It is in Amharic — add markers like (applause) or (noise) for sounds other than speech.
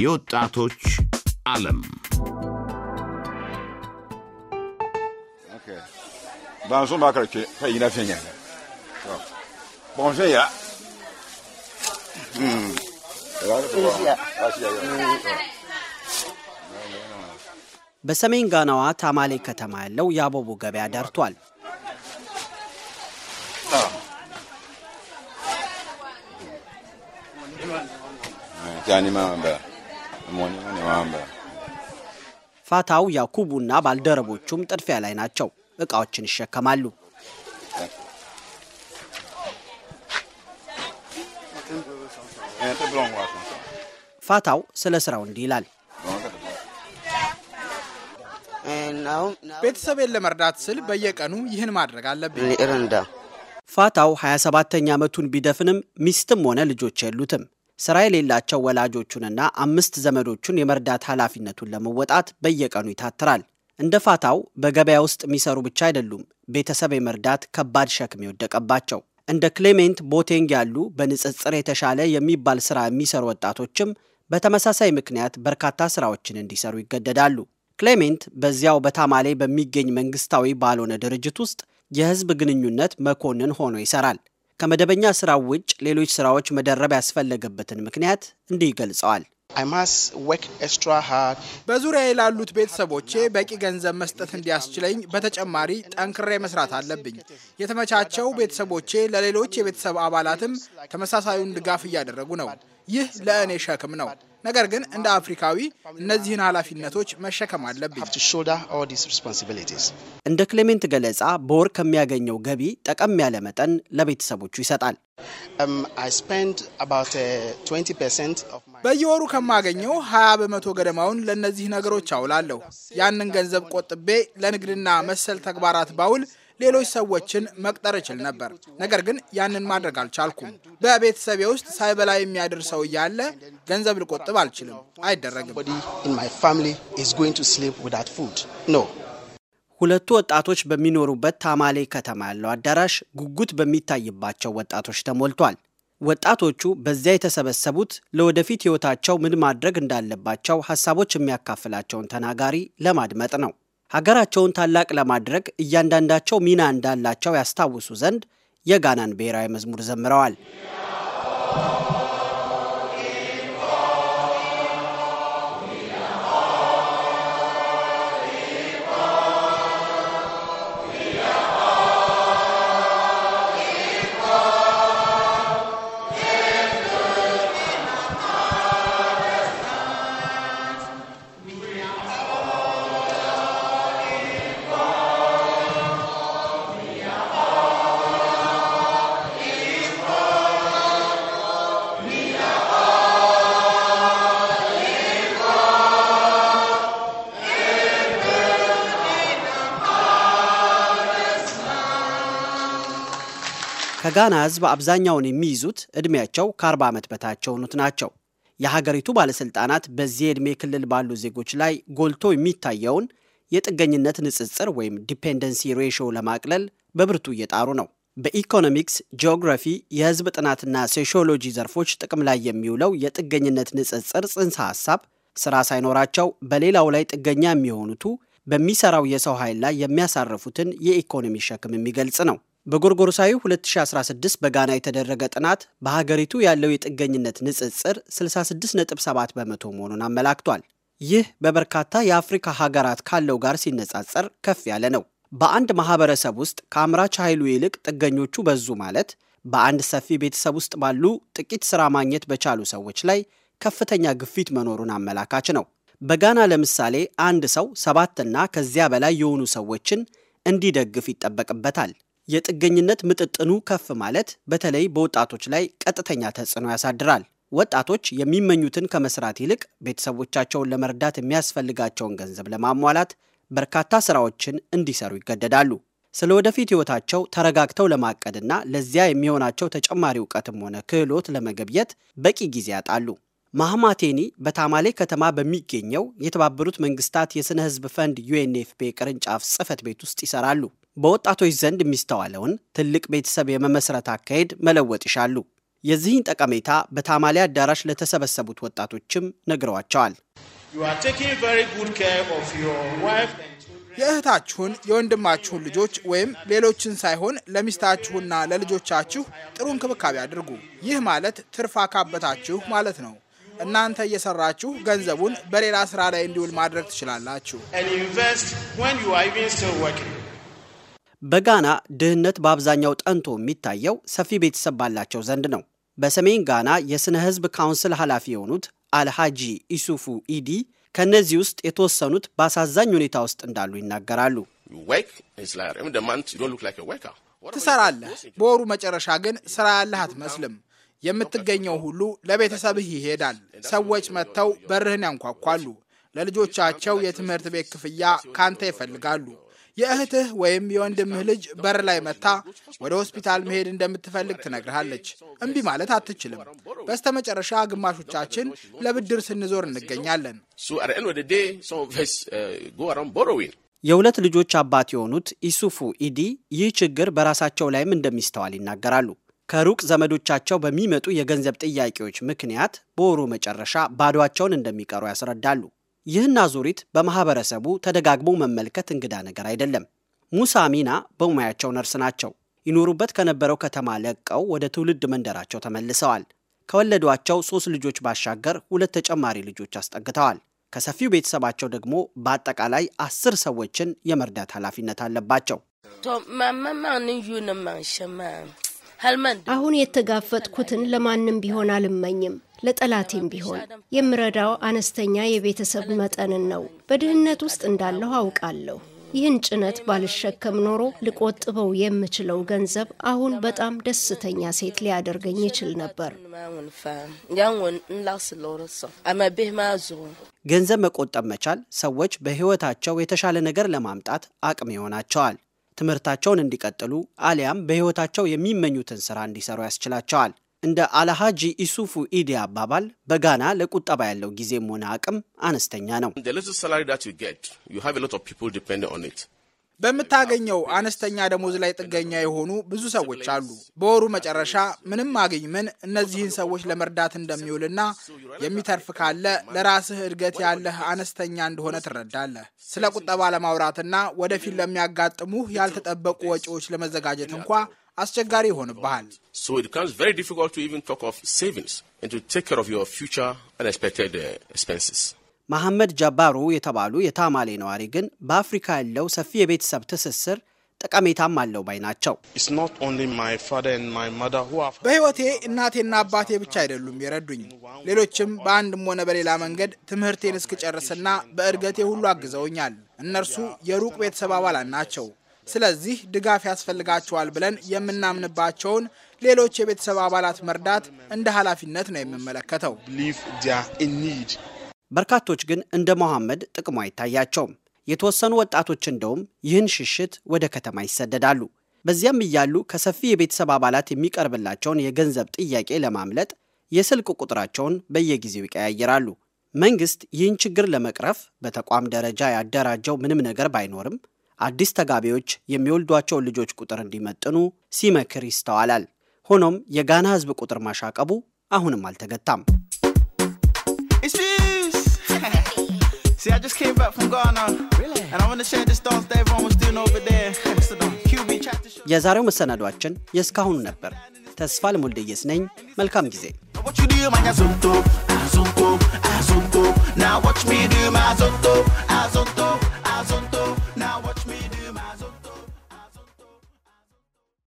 የወጣቶች ዓለም በሰሜን ጋናዋ ታማሌ ከተማ ያለው የአቦቡ ገበያ ዳርቷል። ያኔ ፋታው ያኩቡና ባልደረቦቹም ጥድፊያ ላይ ናቸው። እቃዎችን ይሸከማሉ። ፋታው ስለ ስራው እንዲህ ይላል። ቤተሰቤን ለመርዳት ስል በየቀኑ ይህን ማድረግ አለብኝ። ፋታው 27 ተኛ ዓመቱን ቢደፍንም ሚስትም ሆነ ልጆች የሉትም። ስራ የሌላቸው ወላጆቹንና አምስት ዘመዶቹን የመርዳት ኃላፊነቱን ለመወጣት በየቀኑ ይታትራል። እንደ ፋታው በገበያ ውስጥ የሚሰሩ ብቻ አይደሉም ቤተሰብ የመርዳት ከባድ ሸክም የወደቀባቸው። እንደ ክሌሜንት ቦቴንግ ያሉ በንጽጽር የተሻለ የሚባል ስራ የሚሰሩ ወጣቶችም በተመሳሳይ ምክንያት በርካታ ስራዎችን እንዲሰሩ ይገደዳሉ። ክሌሜንት በዚያው በታማሌ በሚገኝ መንግስታዊ ባልሆነ ድርጅት ውስጥ የህዝብ ግንኙነት መኮንን ሆኖ ይሰራል። ከመደበኛ ስራ ውጭ ሌሎች ስራዎች መደረብ ያስፈለገበትን ምክንያት እንዲህ ይገልጸዋል። በዙሪያ ላሉት ቤተሰቦቼ በቂ ገንዘብ መስጠት እንዲያስችለኝ በተጨማሪ ጠንክሬ መስራት አለብኝ። የተመቻቸው ቤተሰቦቼ ለሌሎች የቤተሰብ አባላትም ተመሳሳዩን ድጋፍ እያደረጉ ነው። ይህ ለእኔ ሸክም ነው። ነገር ግን እንደ አፍሪካዊ እነዚህን ኃላፊነቶች መሸከም አለብኝ። እንደ ክሌሜንት ገለጻ በወር ከሚያገኘው ገቢ ጠቀም ያለ መጠን ለቤተሰቦቹ ይሰጣል። um, uh, በየወሩ ከማገኘው 20 በመቶ ገደማውን ለእነዚህ ነገሮች አውላለሁ። ያንን ገንዘብ ቆጥቤ ለንግድና መሰል ተግባራት ባውል ሌሎች ሰዎችን መቅጠር እችል ነበር። ነገር ግን ያንን ማድረግ አልቻልኩም። በቤተሰቤ ውስጥ ሳይበላ የሚያድር ሰው እያለ ገንዘብ ልቆጥብ አልችልም። አይደረግም። ሁለቱ ወጣቶች በሚኖሩበት ታማሌ ከተማ ያለው አዳራሽ ጉጉት በሚታይባቸው ወጣቶች ተሞልቷል። ወጣቶቹ በዚያ የተሰበሰቡት ለወደፊት ሕይወታቸው ምን ማድረግ እንዳለባቸው ሀሳቦች የሚያካፍላቸውን ተናጋሪ ለማድመጥ ነው። ሀገራቸውን ታላቅ ለማድረግ እያንዳንዳቸው ሚና እንዳላቸው ያስታውሱ ዘንድ የጋናን ብሔራዊ መዝሙር ዘምረዋል። ከጋና ህዝብ አብዛኛውን የሚይዙት ዕድሜያቸው ከ40 ዓመት በታች የሆኑት ናቸው። የሀገሪቱ ባለሥልጣናት በዚህ የዕድሜ ክልል ባሉ ዜጎች ላይ ጎልቶ የሚታየውን የጥገኝነት ንጽጽር ወይም ዲፔንደንሲ ሬሽዮ ለማቅለል በብርቱ እየጣሩ ነው። በኢኮኖሚክስ፣ ጂኦግራፊ፣ የህዝብ ጥናትና ሶሺዮሎጂ ዘርፎች ጥቅም ላይ የሚውለው የጥገኝነት ንጽጽር ጽንሰ ሐሳብ ሥራ ሳይኖራቸው በሌላው ላይ ጥገኛ የሚሆኑቱ በሚሰራው የሰው ኃይል ላይ የሚያሳርፉትን የኢኮኖሚ ሸክም የሚገልጽ ነው። በጎርጎሮሳዊ 2016 በጋና የተደረገ ጥናት በሀገሪቱ ያለው የጥገኝነት ንጽጽር 66.7 በመቶ መሆኑን አመላክቷል። ይህ በበርካታ የአፍሪካ ሀገራት ካለው ጋር ሲነጻጸር ከፍ ያለ ነው። በአንድ ማህበረሰብ ውስጥ ከአምራች ኃይሉ ይልቅ ጥገኞቹ በዙ ማለት በአንድ ሰፊ ቤተሰብ ውስጥ ባሉ ጥቂት ሥራ ማግኘት በቻሉ ሰዎች ላይ ከፍተኛ ግፊት መኖሩን አመላካች ነው። በጋና ለምሳሌ አንድ ሰው ሰባትና ከዚያ በላይ የሆኑ ሰዎችን እንዲደግፍ ይጠበቅበታል። የጥገኝነት ምጥጥኑ ከፍ ማለት በተለይ በወጣቶች ላይ ቀጥተኛ ተጽዕኖ ያሳድራል። ወጣቶች የሚመኙትን ከመስራት ይልቅ ቤተሰቦቻቸውን ለመርዳት የሚያስፈልጋቸውን ገንዘብ ለማሟላት በርካታ ስራዎችን እንዲሰሩ ይገደዳሉ። ስለ ወደፊት ህይወታቸው ተረጋግተው ለማቀድና ለዚያ የሚሆናቸው ተጨማሪ እውቀትም ሆነ ክህሎት ለመገብየት በቂ ጊዜ ያጣሉ። ማህማቴኒ በታማሌ ከተማ በሚገኘው የተባበሩት መንግስታት የሥነ ህዝብ ፈንድ ዩኤንኤፍፒ ቅርንጫፍ ጽህፈት ቤት ውስጥ ይሰራሉ። በወጣቶች ዘንድ የሚስተዋለውን ትልቅ ቤተሰብ የመመስረት አካሄድ መለወጥ ይሻሉ። የዚህን ጠቀሜታ በታማሌ አዳራሽ ለተሰበሰቡት ወጣቶችም ነግረዋቸዋል። የእህታችሁን የወንድማችሁን ልጆች ወይም ሌሎችን ሳይሆን ለሚስታችሁና ለልጆቻችሁ ጥሩ እንክብካቤ አድርጉ። ይህ ማለት ትርፋ ካበታችሁ ማለት ነው። እናንተ እየሰራችሁ ገንዘቡን በሌላ ስራ ላይ እንዲውል ማድረግ ትችላላችሁ። በጋና ድህነት በአብዛኛው ጠንቶ የሚታየው ሰፊ ቤተሰብ ባላቸው ዘንድ ነው። በሰሜን ጋና የሥነ ሕዝብ ካውንስል ኃላፊ የሆኑት አልሃጂ ኢሱፉ ኢዲ ከእነዚህ ውስጥ የተወሰኑት በአሳዛኝ ሁኔታ ውስጥ እንዳሉ ይናገራሉ። ትሰራለህ፣ በወሩ መጨረሻ ግን ስራ ያለህ አትመስልም። የምትገኘው ሁሉ ለቤተሰብህ ይሄዳል። ሰዎች መጥተው በርህን ያንኳኳሉ። ለልጆቻቸው የትምህርት ቤት ክፍያ ካንተ ይፈልጋሉ። የእህትህ ወይም የወንድምህ ልጅ በር ላይ መታ ወደ ሆስፒታል መሄድ እንደምትፈልግ ትነግርሃለች። እምቢ ማለት አትችልም። በስተመጨረሻ ግማሾቻችን ለብድር ስንዞር እንገኛለን። የሁለት ልጆች አባት የሆኑት ኢሱፉ ኢዲ ይህ ችግር በራሳቸው ላይም እንደሚስተዋል ይናገራሉ። ከሩቅ ዘመዶቻቸው በሚመጡ የገንዘብ ጥያቄዎች ምክንያት በወሩ መጨረሻ ባዷቸውን እንደሚቀሩ ያስረዳሉ። ይህን አዙሪት በማህበረሰቡ ተደጋግሞ መመልከት እንግዳ ነገር አይደለም። ሙሳ ሚና በሙያቸው ነርስ ናቸው። ይኖሩበት ከነበረው ከተማ ለቀው ወደ ትውልድ መንደራቸው ተመልሰዋል። ከወለዷቸው ሶስት ልጆች ባሻገር ሁለት ተጨማሪ ልጆች አስጠግተዋል። ከሰፊው ቤተሰባቸው ደግሞ በአጠቃላይ አስር ሰዎችን የመርዳት ኃላፊነት አለባቸው። አሁን የተጋፈጥኩትን ለማንም ቢሆን አልመኝም። ለጠላቴም ቢሆን የምረዳው አነስተኛ የቤተሰብ መጠንን ነው። በድህነት ውስጥ እንዳለሁ አውቃለሁ። ይህን ጭነት ባልሸከም ኖሮ ልቆጥበው የምችለው ገንዘብ አሁን በጣም ደስተኛ ሴት ሊያደርገኝ ይችል ነበር። ገንዘብ መቆጠብ መቻል ሰዎች በሕይወታቸው የተሻለ ነገር ለማምጣት አቅም ይሆናቸዋል። ትምህርታቸውን እንዲቀጥሉ አሊያም በሕይወታቸው የሚመኙትን ሥራ እንዲሰሩ ያስችላቸዋል። እንደ አልሃጂ ኢሱፉ ኢዲ አባባል በጋና ለቁጠባ ያለው ጊዜም ሆነ አቅም አነስተኛ ነው። በምታገኘው አነስተኛ ደሞዝ ላይ ጥገኛ የሆኑ ብዙ ሰዎች አሉ። በወሩ መጨረሻ ምንም አግኝ ምን እነዚህን ሰዎች ለመርዳት እንደሚውልና የሚተርፍ ካለ ለራስህ እድገት ያለህ አነስተኛ እንደሆነ ትረዳለህ። ስለ ቁጠባ ለማውራትና ወደፊት ለሚያጋጥሙህ ያልተጠበቁ ወጪዎች ለመዘጋጀት እንኳ አስቸጋሪ ይሆንብሃል። uh, መሐመድ ጃባሩ የተባሉ የታማሌ ነዋሪ ግን በአፍሪካ ያለው ሰፊ የቤተሰብ ትስስር ጠቀሜታም አለው ባይ ናቸው። በሕይወቴ እናቴና አባቴ ብቻ አይደሉም የረዱኝ፣ ሌሎችም በአንድም ሆነ በሌላ መንገድ ትምህርቴን እስክጨርስና በእድገቴ ሁሉ አግዘውኛል። እነርሱ የሩቅ ቤተሰብ አባላት ናቸው። ስለዚህ ድጋፍ ያስፈልጋቸዋል ብለን የምናምንባቸውን ሌሎች የቤተሰብ አባላት መርዳት እንደ ኃላፊነት ነው የምመለከተው። በርካቶች ግን እንደ መሐመድ ጥቅሙ አይታያቸውም። የተወሰኑ ወጣቶች እንደውም ይህን ሽሽት ወደ ከተማ ይሰደዳሉ። በዚያም እያሉ ከሰፊ የቤተሰብ አባላት የሚቀርብላቸውን የገንዘብ ጥያቄ ለማምለጥ የስልክ ቁጥራቸውን በየጊዜው ይቀያይራሉ። መንግስት ይህን ችግር ለመቅረፍ በተቋም ደረጃ ያደራጀው ምንም ነገር ባይኖርም አዲስ ተጋቢዎች የሚወልዷቸውን ልጆች ቁጥር እንዲመጥኑ ሲመክር ይስተዋላል። ሆኖም የጋና ሕዝብ ቁጥር ማሻቀቡ አሁንም አልተገታም። (laughs) የዛሬው መሰናዷችን የእስካሁኑ ነበር። ተስፋ ለሞልደየስ ነኝ። መልካም ጊዜ። Now watch me do my zonto, azonto, azonto. Now